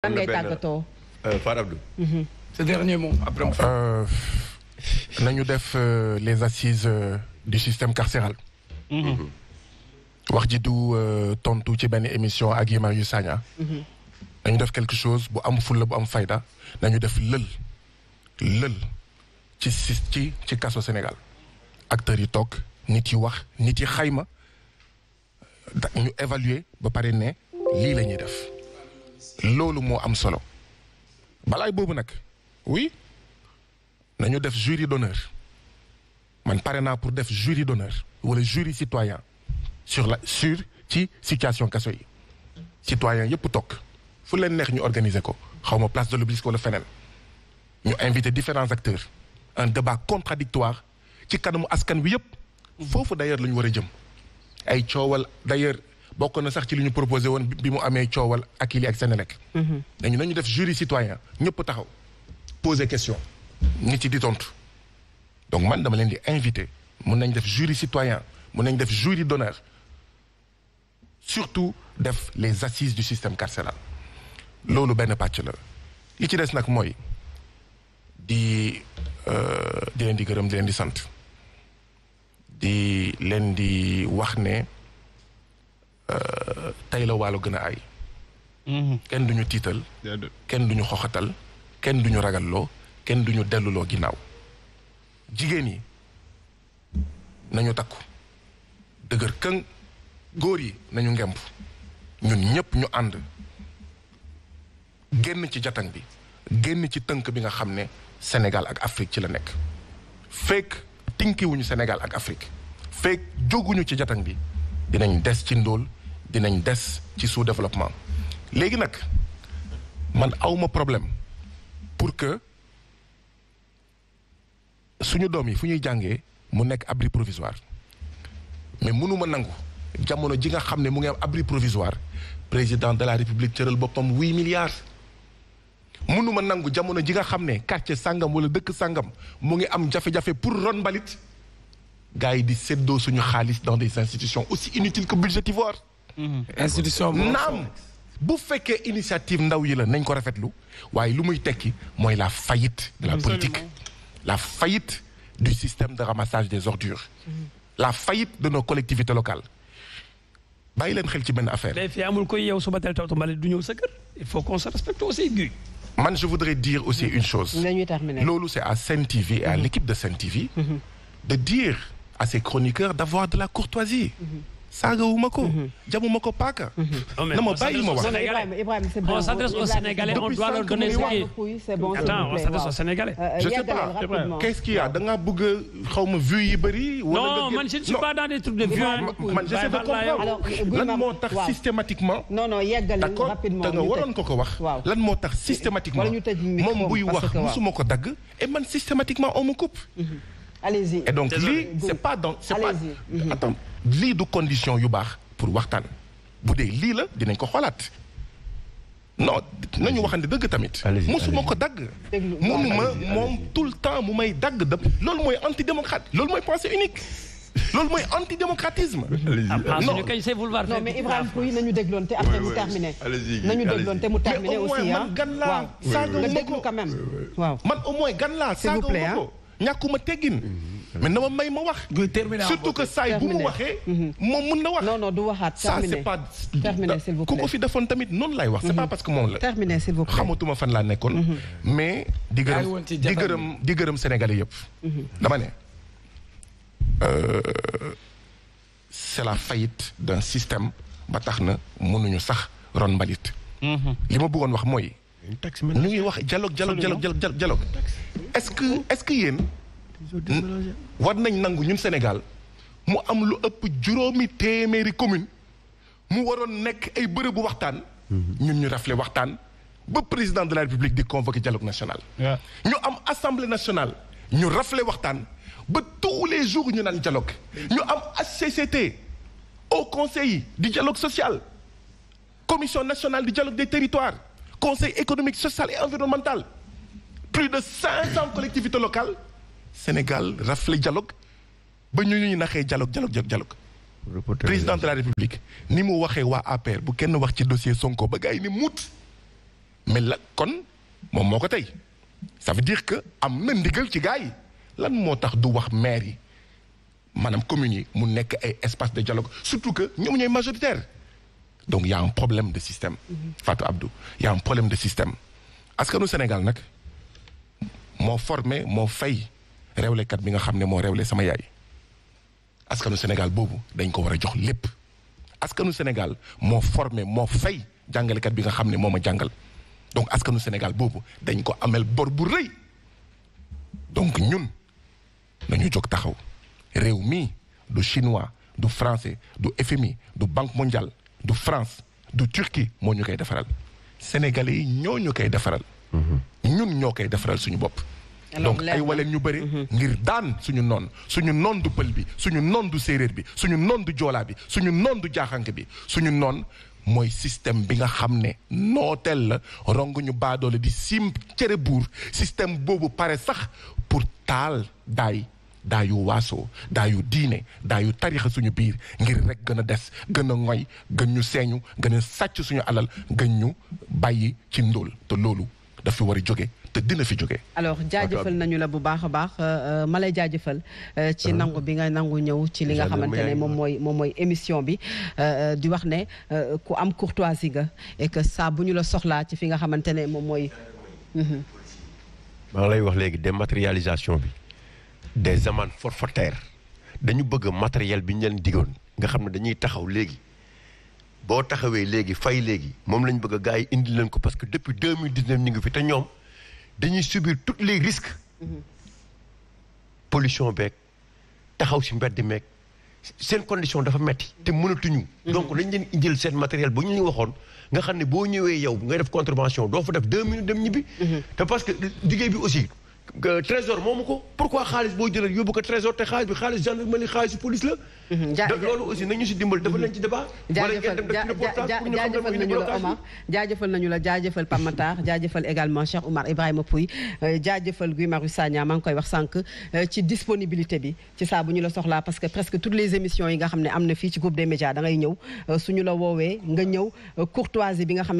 lan ngay tàggatoo euh, Fara Abdou. Mhm. Euh, nañu def euh, les assises du système carcéral. Mhm. Mhm. wax ji du tontu ci benn émission ak Guy yu Sagna. nañu def quelque chose bu am fulla bu am fayda nañu def lël lël ci ci ci kaso Sénégal acteurs yi toog nit yi wax nit yi xayma ñu évaluer ba pare ne lii la def. loolu moo am solo balaay boobu nag oui nañu def jury d'honneur man pare naa pour def jury d'honneur wala jury citoyen sur la sur ci situation kaso yi citoyen yëpp toog fu leen neex ñu organiser ko xaw ma place de l'Obélisque wala fenel ñu invité différents acteurs un débat contradictoire ci kanamu askan wi yëpp foofu d'ailleurs la ñu war a jëm ay coowal d'ailleurs bokk na sax ci li ñu proposé woon bi mu amee coowal ak ili ak Senelec mhm. dañu nañu def jury citoyen ñëpp taxaw poser question nit ci di tontu donc man dama leen di invité mun nañ def juri citoyen mun nañ def jury d'honneur surtout def les assises du système carcéral loolu benn pàcc la li ci des nag mooy di euh, di leen di gërëm di leen di sant di leen di wax ne tey la waalo gën ay mm-hmm. kenn duñu tiital kenn duñu xoxatal kenn du ñu ragalloo kenn du duñu delluloo ginnaaw jigéen yi nañu takku dëgër këng góor yi nañu ngemb ñun ñépp ñu ànd génn ci jatang bi génn ci tënk bi nga xam ne senegal ak Afrique ci la nekk fekk tinkiwuñu senegal ak Afrique fekk jóguñu ci jatang bi dinañ des ci ndóol dinañ des ci sous développement léegi nag man awma problème pour que suñu doom yi fu ñuy jàngee mu nekk abri provisoire mais mënuma nangu jamono ji nga xam ne mu ngi am abri provisoire président de la république cëral boppam huit milliards mënuma nangu jamono ji nga xam ne quartier sàngam wala dëkk sàngam mu ngi am jafe-jafe pour ron mbalit gars yi di séddoo suñu xaalis dans des institutions aussi inutiles que budgétivores Mm-hmm. institution naam bu fekkee initiative ndaw yi la nañ ko lu waaye lu muy tekki mooy la faillite de la politique la faillite du système de ramassage des ordures mm-hmm. la faillite de nos collectivités locales bàyyi leen xel ci benn affaire. mais fii amul koy yow suba teel taw du ñëw sa kër il faut qu'on se respecte aussi guy. man je voudrais dire aussi une chose. loolu c'est à Sen TV et à mm-hmm. l'équipe de Sen TV. de dire à ses chroniqueurs d'avoir de la courtoisie. saagawuma ko. Mhm. jamuma ko paaka. Mhm. na ma bàyyi ma wax Ibrahima c'est bon on s'adresse aux Sénégalais on doit leur donner c'est bon attends on s'adresse aux Sénégalais. Euh, je sais pas qu'est-ce qu'il y a da ngaa bëgg a xaw ma vues yi bëri. non man je ne suis lan moo tax systématiquement. non non te nga waroon ko ko wax. lan moo ko dagg. et man systématiquement on me allez-y donc lii c'est pas donc c'est pas mhm. attends lii du condition yu baax pour waxtaan bu dee lii la dinañ ko xoolaat non nañu waxante dëgg tamit mosuma ko dagg mënu ma moom tout le temps mu may dagg dëpp loolu mooy antidémocrate loolu mooy pensée unique loolu mooy antidémocratisme. non ah, non mais Ibrahima Pouy nañu dégloon te après mu terminé. nañu dégloon te mu terminé aussi ah. mais au moins man gan la saaga ma ko nga waaw man au moins gan la s'il vous ñàkkuma teggin. Mhm. mais na ma may ma wax. surtout que saay bu mu waxee. Mhm. moom mun na wax. non waxaat ça c'est pas. terminé s'il vous ku ko fi defoon tamit noonu lay wax. c'est pas mhm. parce que moom la. terminé s'il vous plaît xamatuma fan laa nekkoon. mais di gërëm di gërëm di yëpp. dama ne euh, c'est la faillite d'un système ba tax na mënuñu sax ron mbalit. li ma bëggoon wax mooy. ñu ngi wax dialogue dialogue dialogue dialogue. est-ce que est-ce que yéen war nañ nangu ñun Sénégal mu am lu ëpp juróomi téeméeri commune mu waroon nekk ay bërëbu waxtaan mhm. ñun ñu rafle waxtaan ba président de la République di convoquer dialogue national ñu am assemblée nationale ñu rafle waxtaan ba tous les jours ñu naan dialogue ñu am HCCT au conseil di dialogue sociale commission nationale di dialogue des territoires conseil économique social et environnemental plus de cinq cent collectivités locales Sénégal rafle dialogue ba ñu ñuy naxee dialogue dialogue dialogue président de la république ni mu waxee waa APR bu kenn wax ci dossier Sonko ba gars yi ni muut mais la kon moom moo ko tey ça veut dire que am na ndigal ci gars yi lan moo tax du wax maire yi maanaam communes yi mu nekk ay espace de dialogue surtout que ñoom ñooy majoritaire donc y a problème de système mm-hmm. Fatou Abdou y a problème de système askanu Sénégal nag moo formé moo fay rewlekat bi nga xam ne moo rewle sama yaay askanu Sénégal boobu dañ ko war a jox lépp askanu Sénégal moo formé moo fay jàngalekat bi nga xam ne moo ma jàngal donc askanu Sénégal boobu dañ ko ameel bor bu rëy donc ñun nañu jog taxaw réew mi du chinois du français du FMI du banque mondiale du France du Turquie moo ñu koy defaral sénégalais yi ñoo ñu koy defaral mm-hmm. ñun ñoo koy defaral suñu bopp donc ay waleen ñu bëri mhm. ngir daan suñu noon suñu noon du pël bi suñu noon du séeréer bi suñu noon du joolaa bi suñu noon du jaaxank bi suñu noon mooy système bi nga xam ne nooteel la rongu ñu baadoole di sim cere buur système boobu pare sax pour taal daay daayu waasoo daayu diine daayu tarixa suñu biir ngir rek gën a des gën a ngoy gën ñu seeñu gën a sàcc suñu alal gën ñu bàyyi ci ndóol te loolu dafa war a jóge te dina fi jóge alors jaajëfal nañu la bu baax a baax euh, euh, ma lay jaajëfal euh, ci ah. nangu bi nga nangu ñëw ci li nga xamante ne moom mooy moom mooy émission bi di wax ne ku am courtoisie nga et que saa bu ñu la soxlaa ci fi nga xamante ne moom mooy mhm. maa ngi lay wax léegi de matérialisation bi de amendes forfaitaires dañu bëgg matériel bi ñu leen digoon nga xam ne dañuy taxaw léegi boo taxawee léegi fay léegi moom lañ bëgg a gars yi indi leen ko parce que depuis 2019 ñu ngi fi te ñoom dañuy subir tous les risques pollution beeg taxaw si mbedd meeg seen condition dafa metti te mënatuñu donc nañ leen jël seen matériel bu ñu leen waxoon nga xam ne boo ñëwee yow ngay def contravention doo fa def deux minutes dem ñibbi mhm. te parce que liggéey bi aussi trésor moomu ko pourquoi xaalis boo jëlal yóbbu ko trésor te xaalis bi xaalis gendarmerie xaalisu police la. Mhm, loolu aussi nañu si dimbal dafa leen ci débat. jaajëfal jaajëfal nañu la Omar jaajëfal nañu la jaajëfal Pape Matar jaajëfal également Cheikh Oumar Ibrahima Pouy euh, jaajëfal Guy koy wax sànq euh, ci disponibilité bi ci saa bu ñu la soxlaa parce que presque toutes les émissions yi nga xam ne am na fii ci groupe des médias da ngay ñëw euh, suñu la woowee nga ñëw courtoisie bi nga xam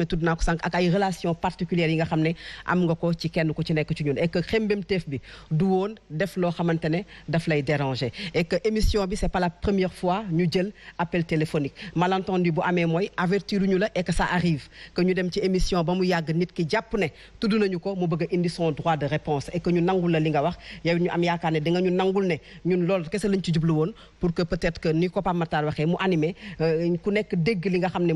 ne ku ci xemteef bi du woon def loo xamante ne daf lay déranger et émission bi c'est pas la première fois ñu jël appel téléphonique malentendu bu amee mooy avertir ñu la et que arrive que ñu dem ci émission ba mu yàgg nit ki jàpp ne tudd nañu ko mu bëgg indi son droit de réponse et ñu nangul la li nga wax yow ñu am yaakaar ne di ñu nangul ne ñun loolu kese lañ ci jublu woon pour que peut-être que ni ko Pape waxee mu animé euh, ku nekk dégg li nga xam ne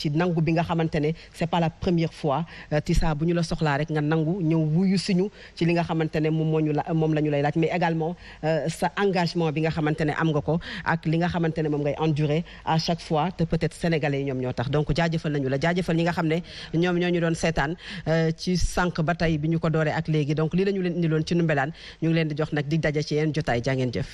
ci nangu bi nga xamante ne c'est pas la première fois euh, Tissa bu ñu la soxlaa rek nga nangu ñëw wuyu suñu ci li nga xamante ne moom moo ñu la moom la ñu lay laaj mais également euh, sa engagement bi nga xamante ne am nga ko ak li nga xamante ne moom ngay endurer à chaque fois te peut-être sénégalais yi ñoom ñoo tax donc jaajëfal nañu la jaajëfal ñi nga xam ne ñoom ñoo ñu doon seetaan euh, ci sànq ba tey bi ñu ko dooree ak léegi donc lii la ñu leen indiloon ci Ndoumbelane ñu ngi leen di jox nag di daje ci yeen jotaay jaa ngeen